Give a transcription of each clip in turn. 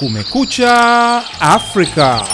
Kumekucha Afrika.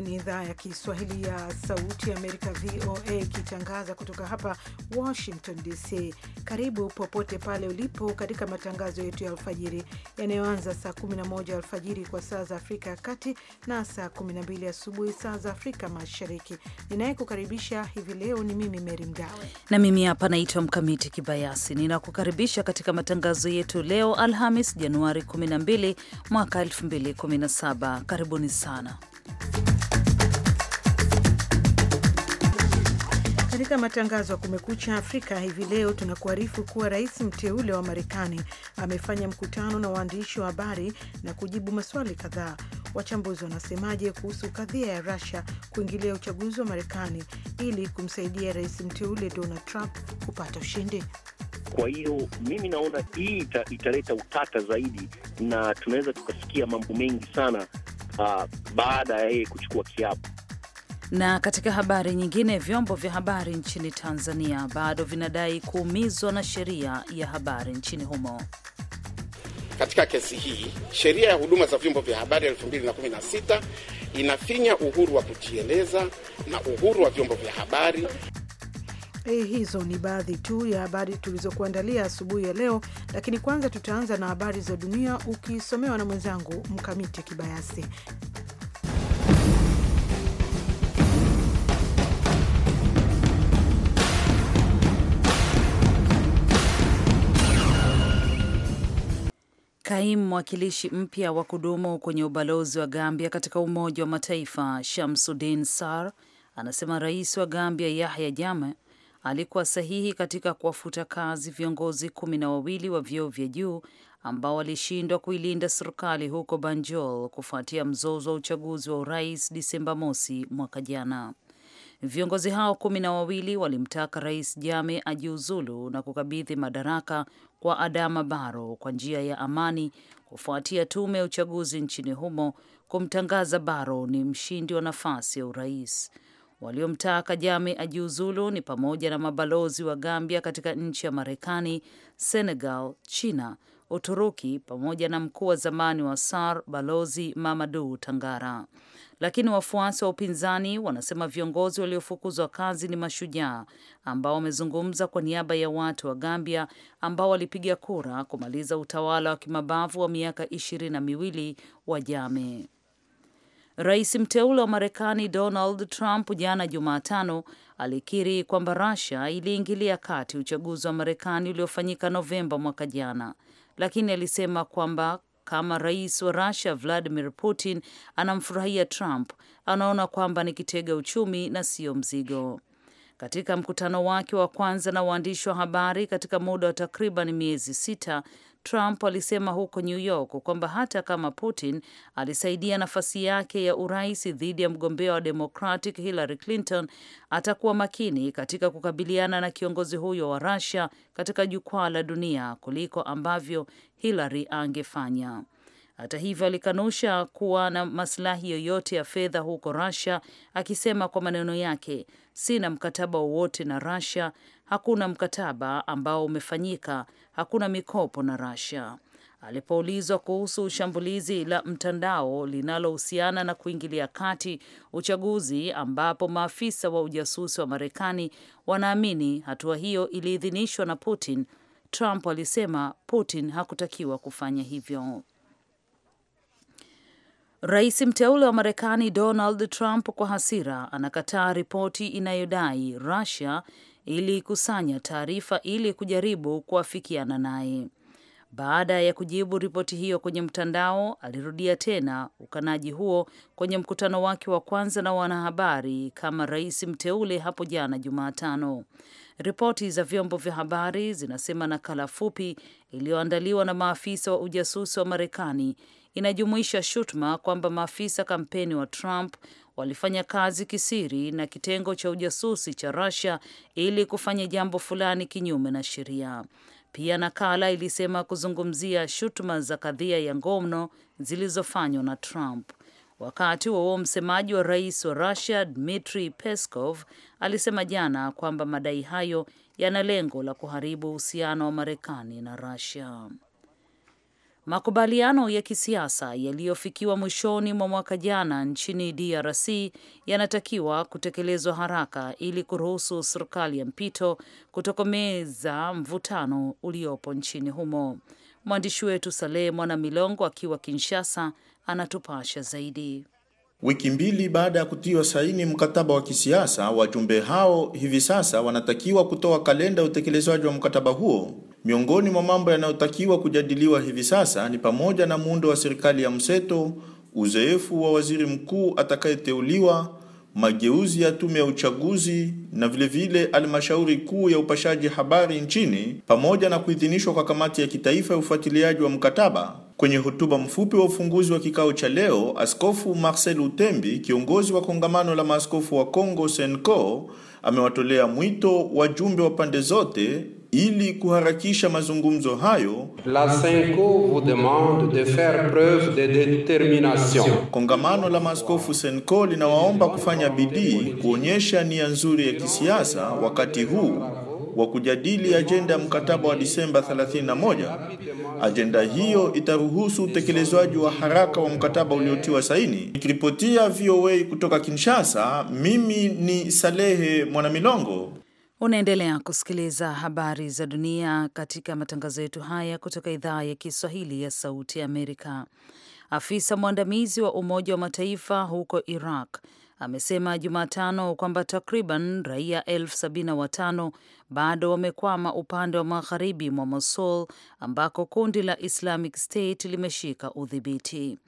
Hii ni idhaa ya Kiswahili ya Sauti ya Amerika, VOA, ikitangaza kutoka hapa Washington DC. Karibu popote pale ulipo katika matangazo yetu ya alfajiri yanayoanza saa 11 alfajiri kwa saa za Afrika ya Kati na saa 12 asubuhi saa za Afrika Mashariki. Ninayekukaribisha hivi leo ni mimi Meri Mgawe na mimi hapa naitwa Mkamiti Kibayasi. Ninakukaribisha katika matangazo yetu leo Alhamis, Januari 12 mwaka 2017. Karibuni sana. Katika matangazo ya Kumekucha Afrika hivi leo tunakuarifu kuwa rais mteule wa Marekani amefanya mkutano na waandishi wa habari na kujibu maswali kadhaa. Wachambuzi wanasemaje kuhusu kadhia ya Russia kuingilia uchaguzi wa Marekani ili kumsaidia rais mteule Donald Trump kupata ushindi? Kwa hiyo mimi naona hii ita, italeta utata zaidi na tunaweza tukasikia mambo mengi sana uh, baada ya yeye kuchukua kiapo. Na katika habari nyingine, vyombo vya habari nchini Tanzania bado vinadai kuumizwa na sheria ya habari nchini humo. Katika kesi hii, sheria ya huduma za vyombo vya habari 216 2016 inafinya uhuru wa kujieleza na uhuru wa vyombo vya habari. Eh, hizo ni baadhi tu ya habari tulizokuandalia asubuhi ya leo, lakini kwanza tutaanza na habari za dunia ukisomewa na mwenzangu Mkamiti Kibayasi. Kaimu mwakilishi mpya wa kudumu kwenye ubalozi wa Gambia katika Umoja wa Mataifa Shamsudin Sar anasema rais wa Gambia Yahya jame alikuwa sahihi katika kuwafuta kazi viongozi kumi na wawili wa vyeo vya juu ambao walishindwa kuilinda serikali huko Banjul kufuatia mzozo wa uchaguzi wa urais Disemba mosi mwaka jana. Viongozi hao kumi na wawili walimtaka rais Jame ajiuzulu na kukabidhi madaraka kwa Adama Barrow kwa njia ya amani kufuatia tume ya uchaguzi nchini humo kumtangaza Barrow ni mshindi wa nafasi ya urais. Waliomtaka Jame ajiuzulu ni pamoja na mabalozi wa Gambia katika nchi ya Marekani, Senegal, China, Uturuki pamoja na mkuu wa zamani wa SAR Balozi Mamadu Tangara lakini wafuasi wa upinzani wanasema viongozi waliofukuzwa kazi ni mashujaa ambao wamezungumza kwa niaba ya watu wa Gambia ambao walipiga kura kumaliza utawala wa kimabavu wa miaka ishirini na miwili wa Jame. Rais mteule wa Marekani Donald Trump jana Jumatano alikiri kwamba Russia iliingilia kati uchaguzi wa Marekani uliofanyika Novemba mwaka jana, lakini alisema kwamba kama rais wa Russia Vladimir Putin anamfurahia Trump, anaona kwamba ni kitega uchumi na sio mzigo. Katika mkutano wake wa kwanza na waandishi wa habari katika muda wa takriban miezi sita, Trump alisema huko New York kwamba hata kama Putin alisaidia nafasi yake ya urais dhidi ya mgombea wa Democratic Hillary Clinton, atakuwa makini katika kukabiliana na kiongozi huyo wa Russia katika jukwaa la dunia kuliko ambavyo Hillary angefanya. Hata hivyo alikanusha kuwa na masilahi yoyote ya fedha huko Russia, akisema kwa maneno yake Sina mkataba wowote na Russia, hakuna mkataba ambao umefanyika, hakuna mikopo na Russia. Alipoulizwa kuhusu shambulizi la mtandao linalohusiana na kuingilia kati uchaguzi ambapo maafisa wa ujasusi wa Marekani wanaamini hatua hiyo iliidhinishwa na Putin, Trump alisema Putin hakutakiwa kufanya hivyo. Rais mteule wa Marekani Donald Trump kwa hasira anakataa ripoti inayodai Russia ilikusanya taarifa ili kujaribu kuafikiana naye. Baada ya kujibu ripoti hiyo kwenye mtandao, alirudia tena ukanaji huo kwenye mkutano wake wa kwanza na wanahabari kama rais mteule hapo jana Jumatano. Ripoti za vyombo vya habari zinasema nakala fupi iliyoandaliwa na maafisa wa ujasusi wa Marekani inajumuisha shutuma kwamba maafisa kampeni wa Trump walifanya kazi kisiri na kitengo cha ujasusi cha Russia ili kufanya jambo fulani kinyume na sheria. Pia nakala ilisema kuzungumzia shutuma za kadhia ya ngono zilizofanywa na Trump. Wakati huo msemaji wa rais wa Russia dmitri Peskov alisema jana kwamba madai hayo yana lengo la kuharibu uhusiano wa Marekani na Russia. Makubaliano ya kisiasa yaliyofikiwa mwishoni mwa mwaka jana nchini DRC yanatakiwa kutekelezwa haraka ili kuruhusu serikali ya mpito kutokomeza mvutano uliopo nchini humo. Mwandishi wetu Saleh Mwana Milongo akiwa Kinshasa anatupasha zaidi. Wiki mbili baada ya kutiwa saini mkataba wa kisiasa, wajumbe hao hivi sasa wanatakiwa kutoa kalenda ya utekelezaji wa mkataba huo Miongoni mwa mambo yanayotakiwa kujadiliwa hivi sasa ni pamoja na muundo wa serikali ya mseto, uzoefu wa waziri mkuu atakayeteuliwa, mageuzi ya tume ya uchaguzi na vilevile halmashauri kuu ya upashaji habari nchini, pamoja na kuidhinishwa kwa kamati ya kitaifa ya ufuatiliaji wa mkataba. Kwenye hotuba mfupi wa ufunguzi wa kikao cha leo, Askofu Marcel Utembi, kiongozi wa kongamano la maaskofu wa Kongo SENCO, amewatolea mwito wajumbe wa pande zote ili kuharakisha mazungumzo hayo, la Senko vous demande de faire preuve de determination. Kongamano la maaskofu Senko linawaomba kufanya bidii kuonyesha nia nzuri ya kisiasa wakati huu wa kujadili ajenda ya mkataba wa Disemba 31. Ajenda hiyo itaruhusu utekelezwaji wa haraka wa mkataba uliotiwa saini. Nikiripotia VOA kutoka Kinshasa, mimi ni Salehe Mwanamilongo. Unaendelea kusikiliza habari za dunia katika matangazo yetu haya kutoka idhaa ya Kiswahili ya Sauti ya Amerika. Afisa mwandamizi wa Umoja wa Mataifa huko Iraq amesema Jumatano kwamba takriban raia elfu sabini na watano bado wamekwama upande wa magharibi mwa Mosul ambako kundi la Islamic State limeshika udhibiti.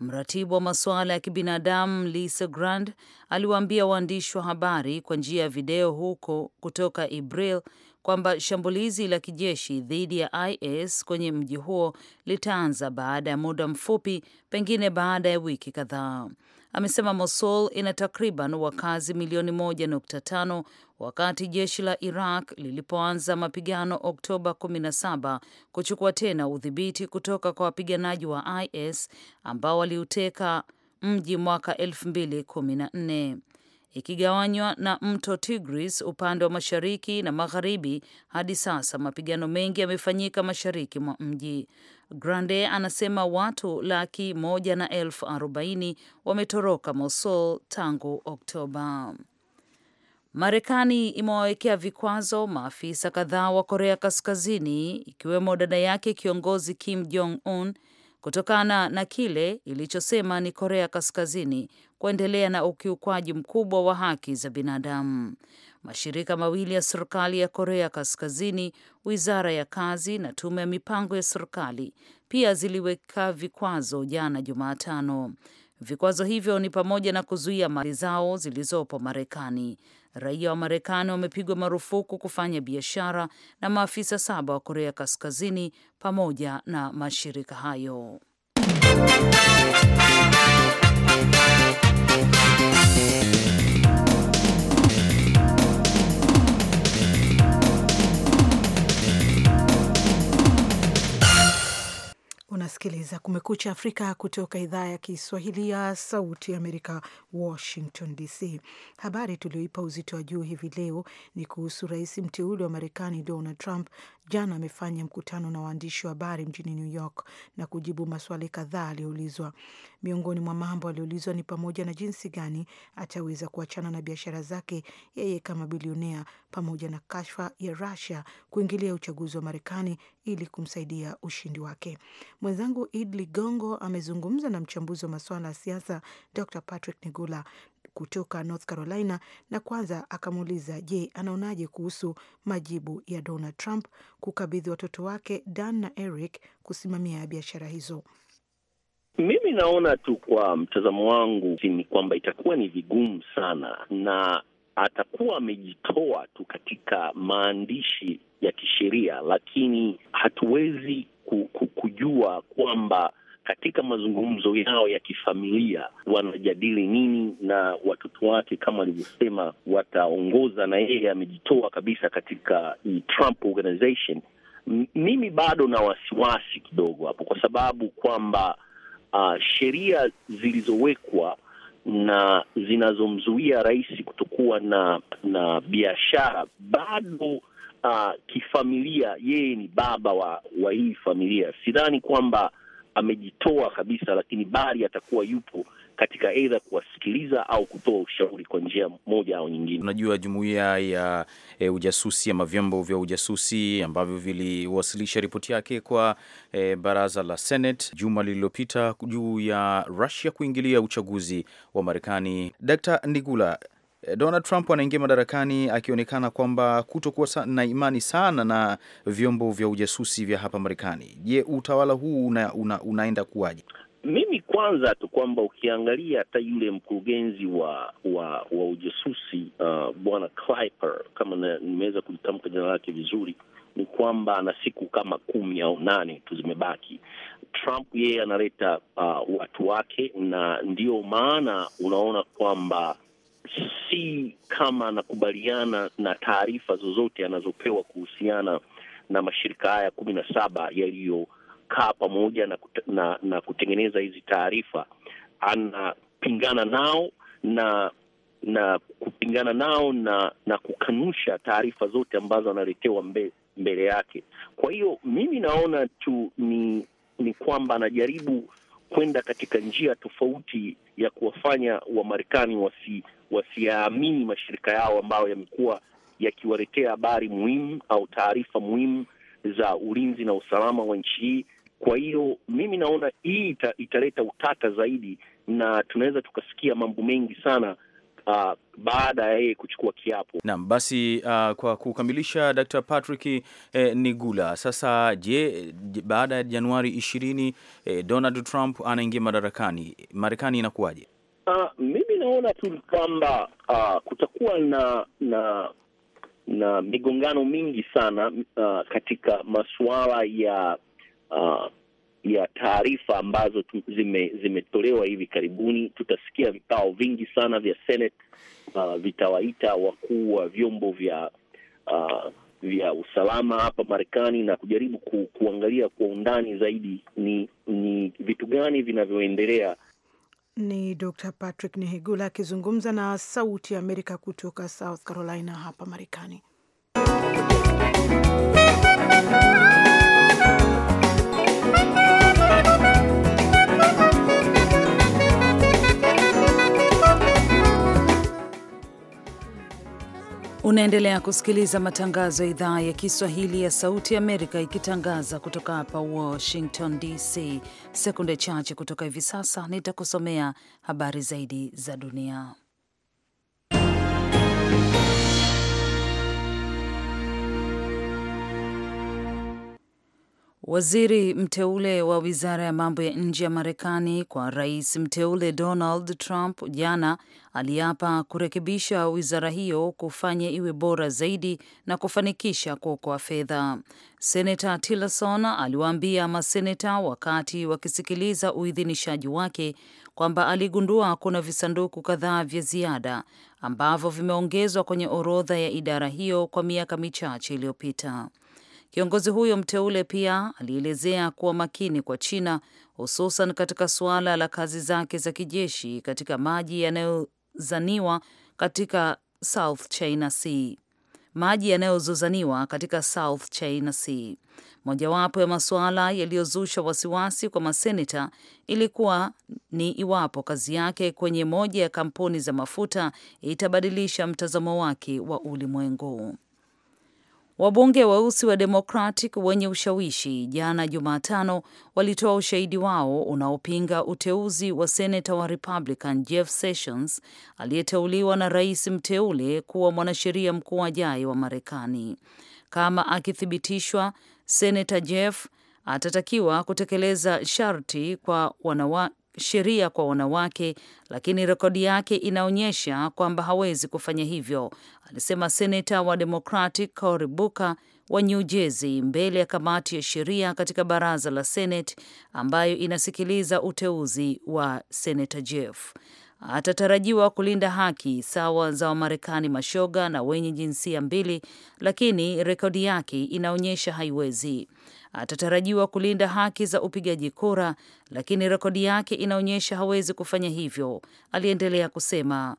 Mratibu wa masuala ya kibinadamu Lisa Grand aliwaambia waandishi wa habari kwa njia ya video huko kutoka Ibril kwamba shambulizi la kijeshi dhidi ya IS kwenye mji huo litaanza baada ya muda mfupi, pengine baada ya wiki kadhaa amesema Mosul ina takriban wakazi milioni 1.5 wakati jeshi la Iraq lilipoanza mapigano Oktoba 17 kuchukua tena udhibiti kutoka kwa wapiganaji wa IS ambao waliuteka mji mwaka 2014 ikigawanywa na mto Tigris upande wa mashariki na magharibi. Hadi sasa mapigano mengi yamefanyika mashariki mwa mji. Grande anasema watu laki moja na elfu arobaini wametoroka Mosul tangu Oktoba. Marekani imewawekea vikwazo maafisa kadhaa wa Korea Kaskazini, ikiwemo dada yake kiongozi Kim Jong Un kutokana na kile ilichosema ni Korea Kaskazini kuendelea na ukiukwaji mkubwa wa haki za binadamu. Mashirika mawili ya serikali ya Korea Kaskazini, wizara ya kazi na tume ya mipango ya serikali, pia ziliweka vikwazo jana Jumatano. Vikwazo hivyo ni pamoja na kuzuia mali zao zilizopo Marekani. Raia wa Marekani wamepigwa marufuku kufanya biashara na maafisa saba wa Korea Kaskazini pamoja na mashirika hayo. Kumekucha Afrika kutoka idhaa ya Kiswahili ya Sauti Amerika, Washington DC. Habari tulioipa uzito wa juu hivi leo ni kuhusu rais mteule wa Marekani Donald Trump jana amefanya mkutano na waandishi wa habari mjini New York na kujibu maswali kadhaa aliyoulizwa. Miongoni mwa mambo aliyoulizwa ni pamoja na jinsi gani ataweza kuachana na biashara zake yeye kama bilionea, pamoja na kashfa ya Russia kuingilia uchaguzi wa Marekani ili kumsaidia ushindi wake. Mwenzangu Idli gongo amezungumza na mchambuzi wa masuala ya siasa Dr Patrick Nigula kutoka North Carolina na kwanza akamuuliza je, anaonaje kuhusu majibu ya Donald Trump kukabidhi watoto wake Dan na Eric kusimamia biashara hizo. Mimi naona tu kwa mtazamo wangu ni kwamba itakuwa ni vigumu sana, na atakuwa amejitoa tu katika maandishi ya kisheria, lakini hatuwezi kujua kwamba katika mazungumzo yao ya kifamilia wanajadili nini, na watoto wake kama alivyosema wataongoza, na yeye amejitoa kabisa katika Trump Organization. Mimi bado na wasiwasi kidogo hapo, kwa sababu kwamba uh, sheria zilizowekwa na zinazomzuia rais kutokuwa na na biashara bado Uh, kifamilia yeye ni baba wa, wa hii familia. Sidhani kwamba amejitoa kabisa, lakini bali atakuwa yupo katika aidha kuwasikiliza au kutoa ushauri kwa njia moja au nyingine. Unajua, jumuiya ya e, ujasusi ama vyombo vya ujasusi ambavyo viliwasilisha ripoti yake kwa e, baraza la Senate juma lililopita juu ya Russia kuingilia uchaguzi wa Marekani. Dkt. Nigula Eh, Donald Trump anaingia madarakani akionekana kwamba kutokuwa na imani sana na vyombo vya ujasusi vya hapa Marekani. Je, utawala huu una, una, unaenda kuwaje? Mimi kwanza tu kwamba ukiangalia hata yule mkurugenzi wa wa wa ujasusi uh, bwana Clapper, kama nimeweza kulitamka jina lake vizuri, ni kwamba ana siku kama kumi au nane tu zimebaki. Trump yeye analeta uh, watu wake, na ndio maana unaona kwamba si kama anakubaliana na taarifa zozote anazopewa kuhusiana na mashirika haya kumi na saba yaliyokaa pamoja na, na, na kutengeneza hizi taarifa. Anapingana nao na na kupingana nao na na kukanusha taarifa zote ambazo analetewa mbe, mbele yake. Kwa hiyo mimi naona tu ni ni kwamba anajaribu kwenda katika njia tofauti ya kuwafanya Wamarekani wasi wasiyaamini mashirika yao ambayo yamekuwa yakiwaletea habari muhimu au taarifa muhimu za ulinzi na usalama wa nchi hii. Kwa hiyo mimi naona hii ita, italeta utata zaidi na tunaweza tukasikia mambo mengi sana uh, baada ya yeye kuchukua kiapo. Naam, basi uh, kwa kukamilisha Dr. Patrick eh, Nigula, sasa je, je, baada ya Januari ishirini eh, Donald Trump anaingia madarakani, Marekani inakuwaje? Uh, mimi naona tu kwamba uh, kutakuwa na na na migongano mingi sana uh, katika masuala ya uh, ya taarifa ambazo zime, zimetolewa hivi karibuni. Tutasikia vikao vingi sana vya Senate uh, vitawaita wakuu wa vyombo vya uh, vya usalama hapa Marekani na kujaribu ku, kuangalia kwa undani zaidi ni, ni vitu gani vinavyoendelea ni Dr Patrick Nehigula akizungumza na Sauti ya Amerika kutoka South Carolina hapa Marekani. Unaendelea kusikiliza matangazo ya idhaa ya Kiswahili ya Sauti Amerika ikitangaza kutoka hapa Washington DC. Sekunde chache kutoka hivi sasa nitakusomea habari zaidi za dunia. Waziri mteule wa wizara ya mambo ya nje ya Marekani kwa rais mteule Donald Trump jana aliapa kurekebisha wizara hiyo kufanya iwe bora zaidi na kufanikisha kuokoa fedha. Senata Tillerson aliwaambia maseneta wakati wakisikiliza uidhinishaji wake kwamba aligundua kuna visanduku kadhaa vya ziada ambavyo vimeongezwa kwenye orodha ya idara hiyo kwa miaka michache iliyopita. Kiongozi huyo mteule pia alielezea kuwa makini kwa China hususan katika suala la kazi zake za kijeshi katika maji yanayozaniwa katika South China Sea. Maji yanayozozaniwa katika South China Sea. Mojawapo ya masuala yaliyozusha wasiwasi kwa maseneta ilikuwa ni iwapo kazi yake kwenye moja ya kampuni za mafuta itabadilisha mtazamo wake wa ulimwengu. Wabunge weusi wa Democratic wenye ushawishi jana Jumatano walitoa ushahidi wao unaopinga uteuzi wa seneta wa Republican Jeff Sessions aliyeteuliwa na rais mteule kuwa mwanasheria mkuu ajaye wa Marekani. Kama akithibitishwa, seneta Jeff atatakiwa kutekeleza sharti kwa wanawake sheria kwa wanawake, lakini rekodi yake inaonyesha kwamba hawezi kufanya hivyo, alisema seneta wa Democratic Cory Booker wa New Jersey mbele ya kamati ya sheria katika baraza la Senate ambayo inasikiliza uteuzi wa senata Jeff. Atatarajiwa kulinda haki sawa za Wamarekani mashoga na wenye jinsia mbili, lakini rekodi yake inaonyesha haiwezi atatarajiwa kulinda haki za upigaji kura, lakini rekodi yake inaonyesha hawezi kufanya hivyo, aliendelea kusema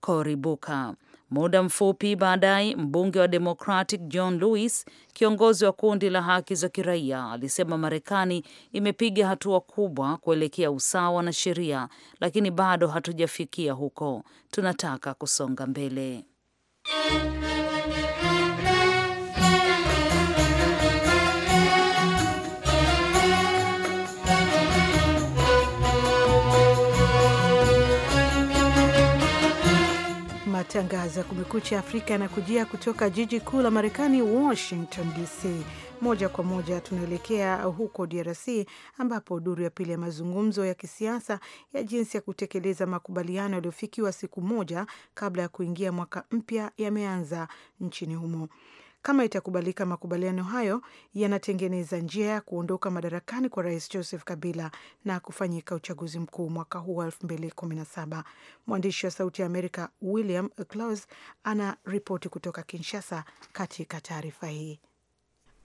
Cory Booker. Muda mfupi baadaye mbunge wa Democratic John Lewis, kiongozi wa kundi la haki za kiraia, alisema Marekani imepiga hatua kubwa kuelekea usawa na sheria, lakini bado hatujafikia huko. Tunataka kusonga mbele. Matangazo Kumekucha Afrika yanakujia kutoka jiji kuu la Marekani, Washington DC. Moja kwa moja tunaelekea huko DRC ambapo duru ya pili ya mazungumzo ya kisiasa ya jinsi ya kutekeleza makubaliano yaliyofikiwa siku moja kabla ya kuingia mwaka mpya yameanza nchini humo. Kama itakubalika, makubaliano hayo yanatengeneza njia ya kuondoka madarakani kwa Rais Joseph Kabila na kufanyika uchaguzi mkuu mwaka huu wa 217 Mwandishi wa Sauti ya Amerika William Klaus ana ripoti kutoka Kinshasa katika taarifa hii.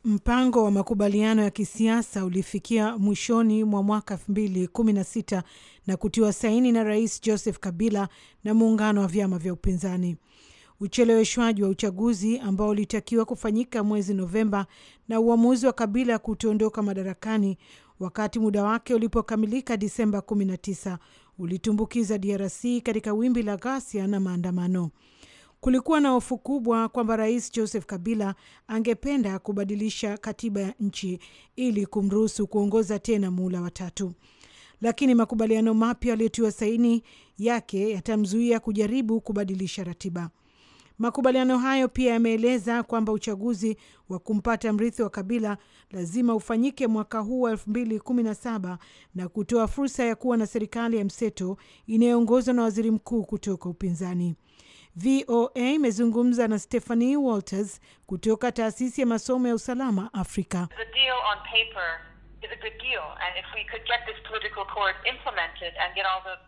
Mpango wa makubaliano ya kisiasa ulifikia mwishoni mwa mwaka 2016 na kutiwa saini na Rais Joseph Kabila na muungano wa vyama vya upinzani ucheleweshwaji wa uchaguzi ambao ulitakiwa kufanyika mwezi Novemba na uamuzi wa Kabila kutoondoka madarakani wakati muda wake ulipokamilika Disemba 19 ulitumbukiza DRC katika wimbi la ghasia na maandamano. Kulikuwa na hofu kubwa kwamba Rais Joseph Kabila angependa kubadilisha katiba ya nchi ili kumruhusu kuongoza tena muhula watatu, lakini makubaliano mapya yaliyotiwa saini yake yatamzuia kujaribu kubadilisha ratiba. Makubaliano hayo pia yameeleza kwamba uchaguzi wa kumpata mrithi wa Kabila lazima ufanyike mwaka huu wa elfu na na kutoa fursa ya kuwa na serikali ya mseto inayoongozwa na waziri mkuu kutoka upinzani. VOA imezungumza na Stephanie Walters kutoka taasisi ya masomo ya usalama Afrika.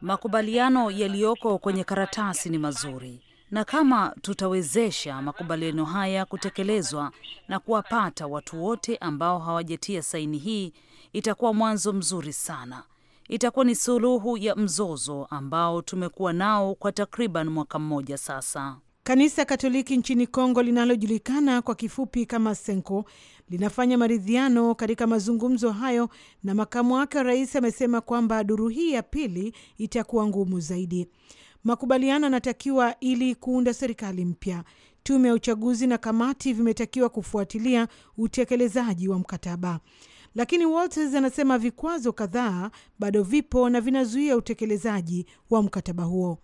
Makubaliano yaliyoko kwenye karatasi ni mazuri na kama tutawezesha makubaliano haya kutekelezwa na kuwapata watu wote ambao hawajatia saini hii, itakuwa mwanzo mzuri sana. Itakuwa ni suluhu ya mzozo ambao tumekuwa nao kwa takriban mwaka mmoja sasa. Kanisa Katoliki nchini Kongo linalojulikana kwa kifupi kama Senko linafanya maridhiano katika mazungumzo hayo, na makamu wake wa rais amesema kwamba duru hii ya pili itakuwa ngumu zaidi. Makubaliano yanatakiwa ili kuunda serikali mpya. Tume ya uchaguzi na kamati vimetakiwa kufuatilia utekelezaji wa mkataba. Lakini Walters anasema vikwazo kadhaa bado vipo na vinazuia utekelezaji wa mkataba huo.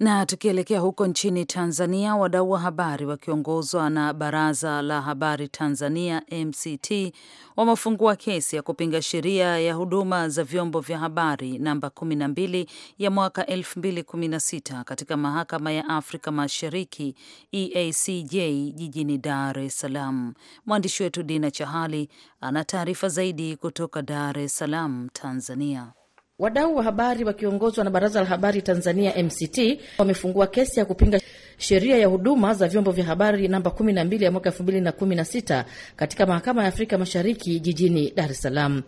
Na tukielekea huko nchini Tanzania, wadau wa habari wakiongozwa na Baraza la Habari Tanzania MCT wamefungua kesi ya kupinga sheria ya huduma za vyombo vya habari namba 12 ya mwaka 2016 katika mahakama ya Afrika Mashariki EACJ jijini Dar es Salaam. Mwandishi wetu Dina Chahali ana taarifa zaidi kutoka Dar es Salaam, Tanzania. Wadau wa habari wakiongozwa na Baraza la Habari Tanzania MCT wamefungua kesi ya kupinga sheria ya huduma za vyombo vya habari namba 12 ya mwaka 2016 katika mahakama ya Afrika Mashariki jijini Dar es Salaam.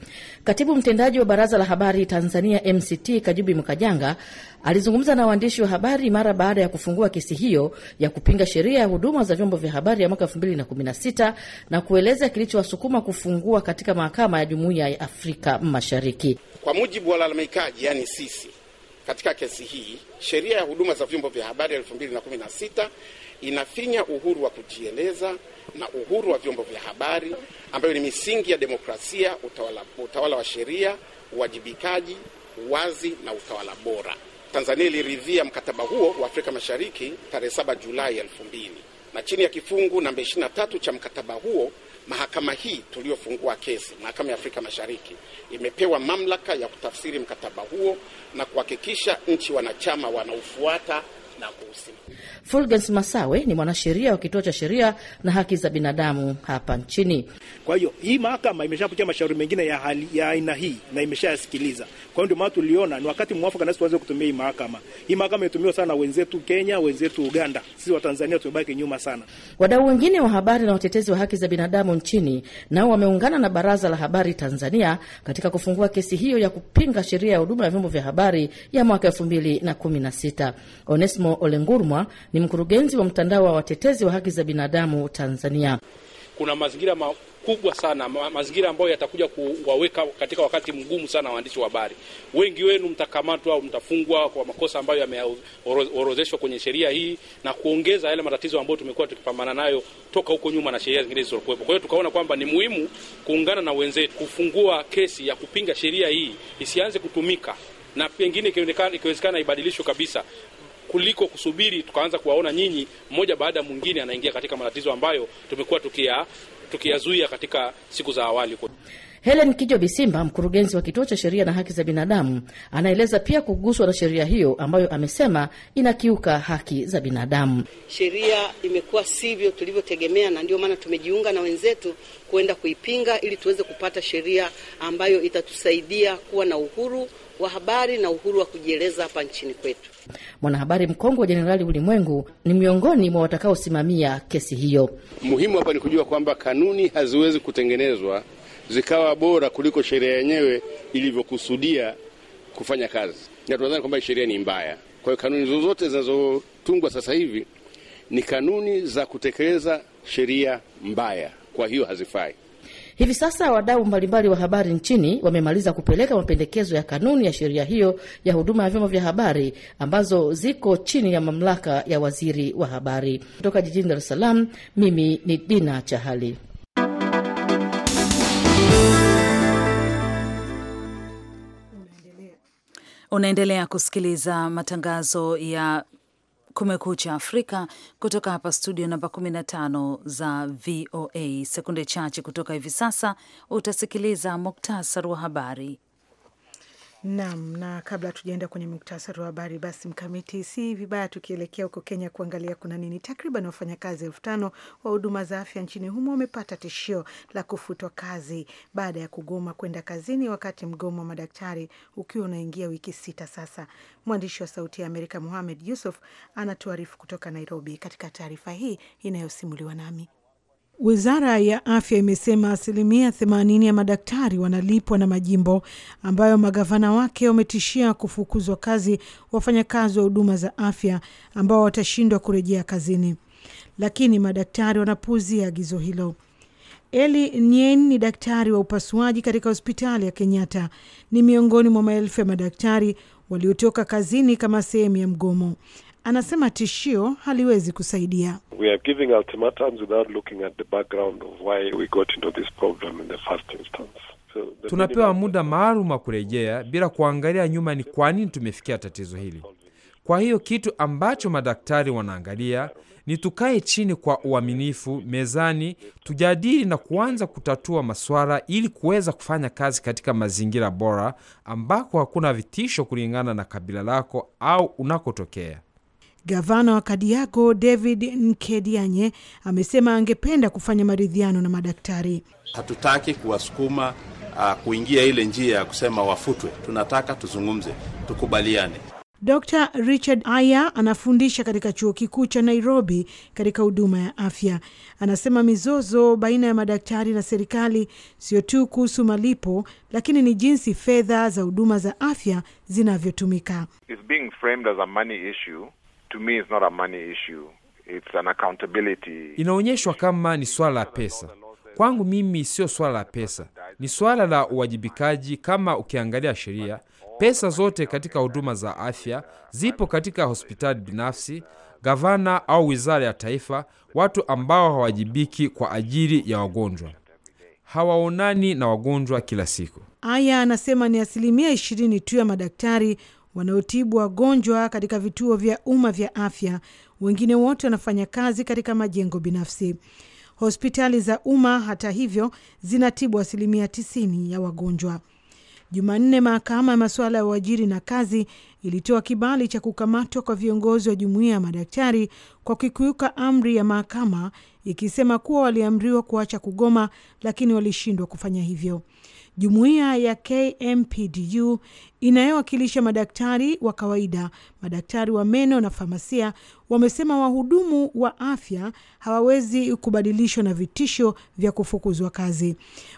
Katibu mtendaji wa Baraza la Habari Tanzania MCT Kajubi Mkajanga alizungumza na waandishi wa habari mara baada ya kufungua kesi hiyo ya kupinga sheria ya huduma za vyombo vya habari ya mwaka 2016 na kueleza kilichowasukuma kufungua katika mahakama ya Jumuiya ya Afrika Mashariki. Kwa mujibu wa lalamikaji yani sisi katika kesi hii, sheria ya huduma za vyombo vya habari elfu mbili na kumi na sita inafinya uhuru wa kujieleza na uhuru wa vyombo vya habari ambayo ni misingi ya demokrasia, utawala, utawala wa sheria, uwajibikaji, uwazi na utawala bora. Tanzania iliridhia mkataba huo wa Afrika Mashariki tarehe 7 Julai 2000 na chini ya kifungu namba 23 cha mkataba huo Mahakama hii tuliyofungua kesi, mahakama ya Afrika Mashariki, imepewa mamlaka ya kutafsiri mkataba huo na kuhakikisha nchi wanachama wanaufuata na kuusimamia. Fulgens Masawe ni mwanasheria wa kituo cha sheria na haki za binadamu hapa nchini. Kwa hiyo hii mahakama imeshapokea mashauri mengine ya hali ya aina hii na imeshayasikiliza. Kwa hiyo ndio maana tuliona ni wakati mwafaka nasi tuanze kutumia hii mahakama. Hii mahakama imetumiwa sana wenzetu Kenya, wenzetu Uganda. Sisi Watanzania tumebaki nyuma sana. Wadau wengine wa habari na watetezi wa haki za binadamu nchini nao wameungana na Baraza la Habari Tanzania katika kufungua kesi hiyo ya kupinga sheria ya huduma ya vyombo vya habari ya mwaka elfu mbili na kumi na sita. Onesmo Ole Olengurumwa ni mkurugenzi wa mtandao wa watetezi wa haki za binadamu Tanzania. Kuna mazingira makubwa sana, mazingira ambayo yatakuja kuwaweka katika wakati mgumu sana waandishi wa habari. Wengi wenu mtakamatwa au mtafungwa kwa makosa ambayo yameorozeshwa kwenye sheria hii na kuongeza yale matatizo ambayo tumekuwa tukipambana nayo toka huko nyuma na sheria zingine zilizokuwepo. Kwa hiyo tukaona kwamba ni muhimu kuungana na wenzetu kufungua kesi ya kupinga sheria hii isianze kutumika na pengine ikiwezekana ibadilishwe kabisa kuliko kusubiri tukaanza kuwaona nyinyi mmoja baada ya mwingine anaingia katika matatizo ambayo tumekuwa tukia tukiyazuia katika siku za awali. Helen Kijo Bisimba, mkurugenzi wa kituo cha sheria na haki za binadamu, anaeleza pia kuguswa na sheria hiyo ambayo amesema inakiuka haki za binadamu. Sheria imekuwa sivyo tulivyotegemea, na ndio maana tumejiunga na wenzetu kuenda kuipinga ili tuweze kupata sheria ambayo itatusaidia kuwa na uhuru wa habari na uhuru wa kujieleza hapa nchini kwetu. Mwanahabari mkongwe wa Jenerali Ulimwengu ni miongoni mwa watakaosimamia kesi hiyo. Muhimu hapa ni kujua kwamba kanuni haziwezi kutengenezwa zikawa bora kuliko sheria yenyewe ilivyokusudia kufanya kazi, na tunadhani kwamba sheria ni mbaya. Kwa hiyo kanuni zozote zinazotungwa sasa hivi ni kanuni za kutekeleza sheria mbaya, kwa hiyo hazifai. Hivi sasa wadau mbalimbali wa habari nchini wamemaliza kupeleka mapendekezo ya kanuni ya sheria hiyo ya huduma ya vyombo vya habari ambazo ziko chini ya mamlaka ya waziri wa habari. Kutoka jijini Dar es Salaam, mimi ni Dina Chahali. Unaendelea kusikiliza matangazo ya Kumekucha Afrika kutoka hapa studio namba 15 za VOA. Sekunde chache kutoka hivi sasa utasikiliza muktasari wa habari. Naam, na kabla tujaenda kwenye muktasari wa habari, basi mkamiti, si vibaya tukielekea huko Kenya kuangalia kuna nini. Takriban wafanyakazi elfu tano wa huduma za afya nchini humo wamepata tishio la kufutwa kazi baada ya kugoma kwenda kazini, wakati mgomo wa madaktari ukiwa unaingia wiki sita sasa. Mwandishi wa Sauti ya Amerika muhamed Yusuf anatuarifu kutoka Nairobi, katika taarifa hii inayosimuliwa nami Wizara ya afya imesema asilimia 80 ya madaktari wanalipwa na majimbo ambayo magavana wake wametishia kufukuzwa kazi wafanyakazi wa huduma za afya ambao watashindwa kurejea kazini, lakini madaktari wanapuuzia agizo hilo. Eli Nyen ni daktari wa upasuaji katika hospitali ya Kenyatta, ni miongoni mwa maelfu ya madaktari waliotoka kazini kama sehemu ya mgomo. Anasema tishio haliwezi kusaidia. We are giving ultimatums without looking at the background of why we got into this problem in the first instance. tunapewa muda maalum wa kurejea bila kuangalia nyuma ni kwa nini tumefikia tatizo hili. Kwa hiyo kitu ambacho madaktari wanaangalia ni tukae chini kwa uaminifu mezani, tujadili na kuanza kutatua maswala ili kuweza kufanya kazi katika mazingira bora ambako hakuna vitisho kulingana na kabila lako au unakotokea. Gavana wa Kadiako David Nkedianye amesema angependa kufanya maridhiano na madaktari. Hatutaki kuwasukuma uh, kuingia ile njia ya kusema wafutwe. Tunataka tuzungumze, tukubaliane. Dr Richard Aya anafundisha katika chuo kikuu cha Nairobi katika huduma ya afya. Anasema mizozo baina ya madaktari na serikali sio tu kuhusu malipo, lakini ni jinsi fedha za huduma za afya zinavyotumika. It's being framed as a money issue to me it's not a money issue, it's an accountability. Inaonyeshwa kama ni swala la pesa. Kwangu mimi sio swala la pesa, ni swala la uwajibikaji. Kama ukiangalia sheria, pesa zote katika huduma za afya zipo katika hospitali binafsi, gavana au wizara ya taifa, watu ambao hawajibiki kwa ajili ya wagonjwa hawaonani na wagonjwa kila siku. Aya anasema ni asilimia ishirini tu ya madaktari wanaotibu wagonjwa katika vituo vya umma vya afya. Wengine wote wanafanya kazi katika majengo binafsi. Hospitali za umma, hata hivyo, zinatibu asilimia 90 ya wagonjwa. Jumanne, mahakama ya masuala ya uajiri na kazi ilitoa kibali cha kukamatwa kwa viongozi wa jumuiya ya madaktari kwa kukiuka amri ya mahakama, ikisema kuwa waliamriwa kuacha kugoma, lakini walishindwa kufanya hivyo. Jumuiya ya KMPDU inayowakilisha madaktari wa kawaida, madaktari wa meno na famasia wamesema wahudumu wa afya hawawezi kubadilishwa na vitisho vya kufukuzwa kazi.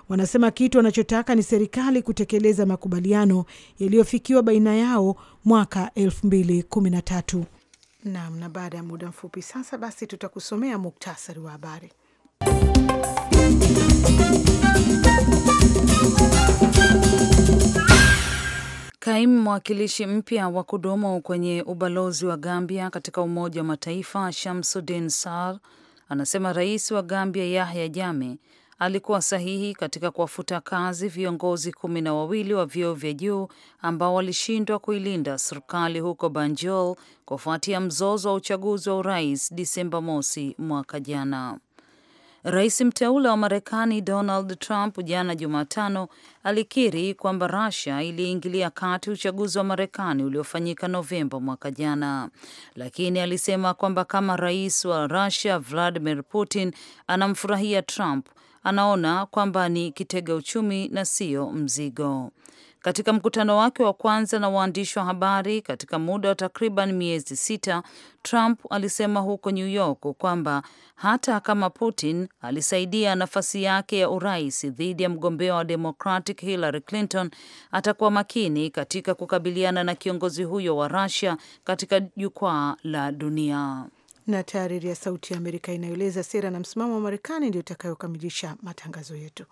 Wanasema kitu wanachotaka ni serikali kutekeleza makubaliano yaliyofikiwa baina yao mwaka 2013. Naam, na baada ya muda mfupi sasa basi tutakusomea muktasari wa habari. Kaimu mwakilishi mpya wa kudumu kwenye ubalozi wa Gambia katika Umoja wa Mataifa Shamsudin Sar anasema rais wa Gambia Yahya jame alikuwa sahihi katika kuwafuta kazi viongozi kumi na wawili wa vyeo vya juu ambao walishindwa kuilinda serikali huko Banjul kufuatia mzozo wa uchaguzi wa urais Disemba mosi mwaka jana. Rais mteule wa Marekani Donald Trump jana Jumatano alikiri kwamba Russia iliingilia kati uchaguzi wa Marekani uliofanyika Novemba mwaka jana, lakini alisema kwamba kama rais wa Russia Vladimir Putin anamfurahia Trump, anaona kwamba ni kitega uchumi na sio mzigo. Katika mkutano wake wa kwanza na waandishi wa habari katika muda wa takriban miezi sita, Trump alisema huko New York kwamba hata kama Putin alisaidia nafasi yake ya urais dhidi ya mgombea wa Democratic Hillary Clinton, atakuwa makini katika kukabiliana na kiongozi huyo wa Russia katika jukwaa la dunia. Na taariri ya Sauti ya Amerika inayoeleza sera na msimamo wa Marekani ndio itakayokamilisha matangazo yetu.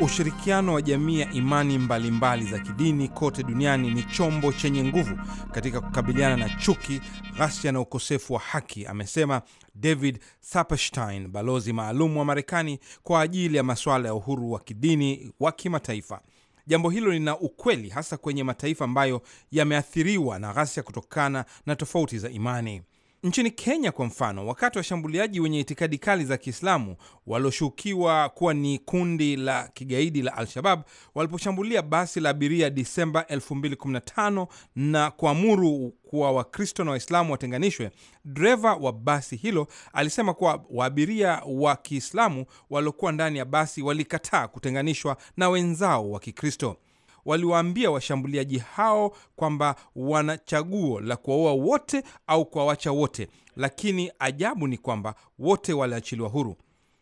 Ushirikiano wa jamii ya imani mbalimbali za kidini kote duniani ni chombo chenye nguvu katika kukabiliana na chuki, ghasia na ukosefu wa haki, amesema David Saperstein, balozi maalum wa Marekani kwa ajili ya masuala ya uhuru wa kidini wa kimataifa. Jambo hilo lina ukweli hasa kwenye mataifa ambayo yameathiriwa na ghasia kutokana na tofauti za imani. Nchini Kenya kwa mfano, wakati washambuliaji wenye itikadi kali za Kiislamu walioshukiwa kuwa ni kundi la kigaidi la Al-Shabab waliposhambulia basi la abiria Disemba 2015 na kuamuru kuwa Wakristo na Waislamu watenganishwe, dreva wa basi hilo alisema kuwa waabiria wa Kiislamu waliokuwa ndani ya basi walikataa kutenganishwa na wenzao wa Kikristo waliwaambia washambuliaji hao kwamba wana chaguo la kuwaua wote au kuwawacha wote, lakini ajabu ni kwamba wote waliachiliwa huru.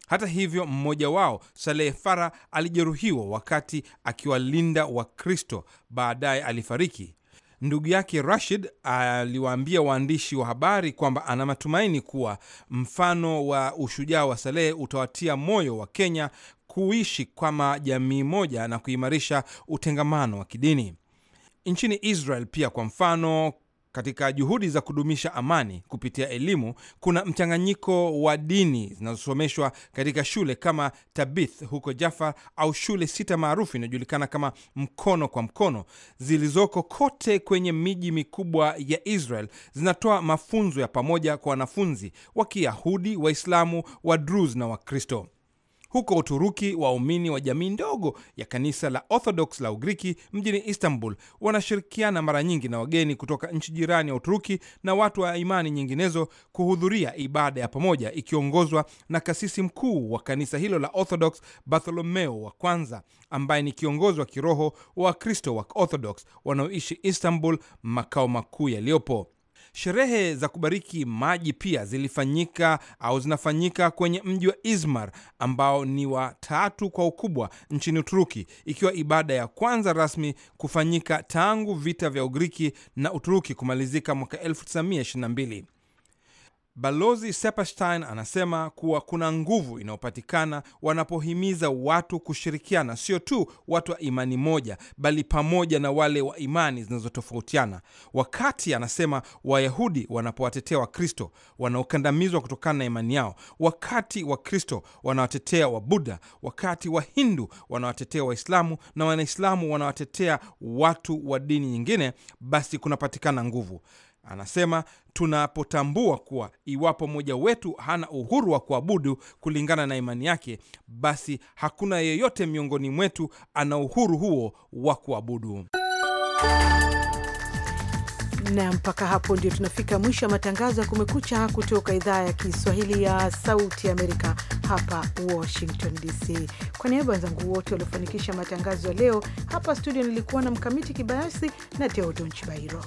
Hata hivyo, mmoja wao Saleh Fara alijeruhiwa wakati akiwalinda Wakristo, baadaye alifariki. Ndugu yake Rashid aliwaambia waandishi wa habari kwamba ana matumaini kuwa mfano wa ushujaa wa Salehe utawatia moyo wa Kenya kuishi kama jamii moja na kuimarisha utengamano wa kidini. Nchini Israel pia, kwa mfano, katika juhudi za kudumisha amani kupitia elimu, kuna mchanganyiko wa dini zinazosomeshwa katika shule kama Tabith huko Jaffa au shule sita maarufu inayojulikana kama mkono kwa mkono zilizoko kote kwenye miji mikubwa ya Israel. Zinatoa mafunzo ya pamoja kwa wanafunzi wa Kiyahudi, Waislamu, wa Wadruz na Wakristo. Huko Uturuki, waumini wa jamii ndogo ya kanisa la Orthodox la ugriki mjini Istanbul wanashirikiana mara nyingi na wageni kutoka nchi jirani ya Uturuki na watu wa imani nyinginezo kuhudhuria ibada ya pamoja ikiongozwa na kasisi mkuu wa kanisa hilo la Orthodox Bartholomeo wa kwanza ambaye ni kiongozi wa kiroho wa Wakristo wa Orthodox wanaoishi Istanbul, makao makuu yaliyopo. Sherehe za kubariki maji pia zilifanyika au zinafanyika kwenye mji wa Izmir ambao ni wa tatu kwa ukubwa nchini Uturuki, ikiwa ibada ya kwanza rasmi kufanyika tangu vita vya Ugiriki na Uturuki kumalizika mwaka 1922. Balozi Sepperstein anasema kuwa kuna nguvu inayopatikana wanapohimiza watu kushirikiana, sio tu watu wa imani moja, bali pamoja na wale wa imani zinazotofautiana. Wakati anasema Wayahudi wanapowatetea Wakristo wanaokandamizwa kutokana na imani yao, wakati Wakristo wanawatetea Wabuddha, wakati Wahindu wanawatetea Waislamu na Wanaislamu wanawatetea watu wa dini nyingine, basi kunapatikana nguvu. Anasema tunapotambua kuwa iwapo mmoja wetu hana uhuru wa kuabudu kulingana na imani yake, basi hakuna yeyote miongoni mwetu ana uhuru huo wa kuabudu. Na mpaka hapo ndio tunafika mwisho wa matangazo ya Kumekucha kutoka idhaa ya Kiswahili ya Sauti ya Amerika hapa Washington DC. Kwa niaba wenzangu wote waliofanikisha matangazo ya leo hapa studio, nilikuwa na Mkamiti Kibayasi na Teodonchi Bairo.